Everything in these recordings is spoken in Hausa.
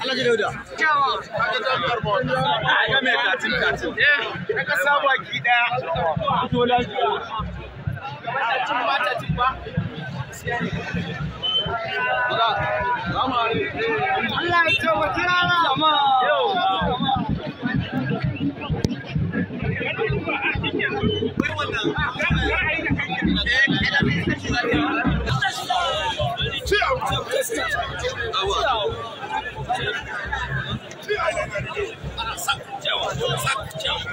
Allah Ba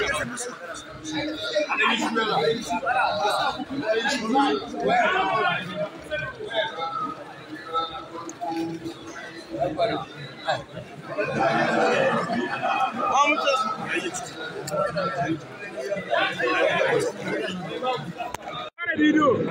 What d e you do?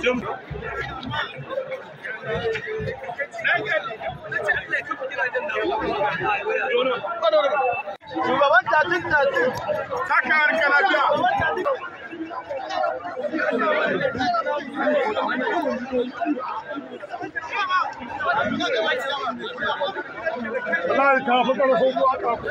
Shugaban tatin tatin. Saka harka Allah ya kafa ƙarfin ruwa kafin.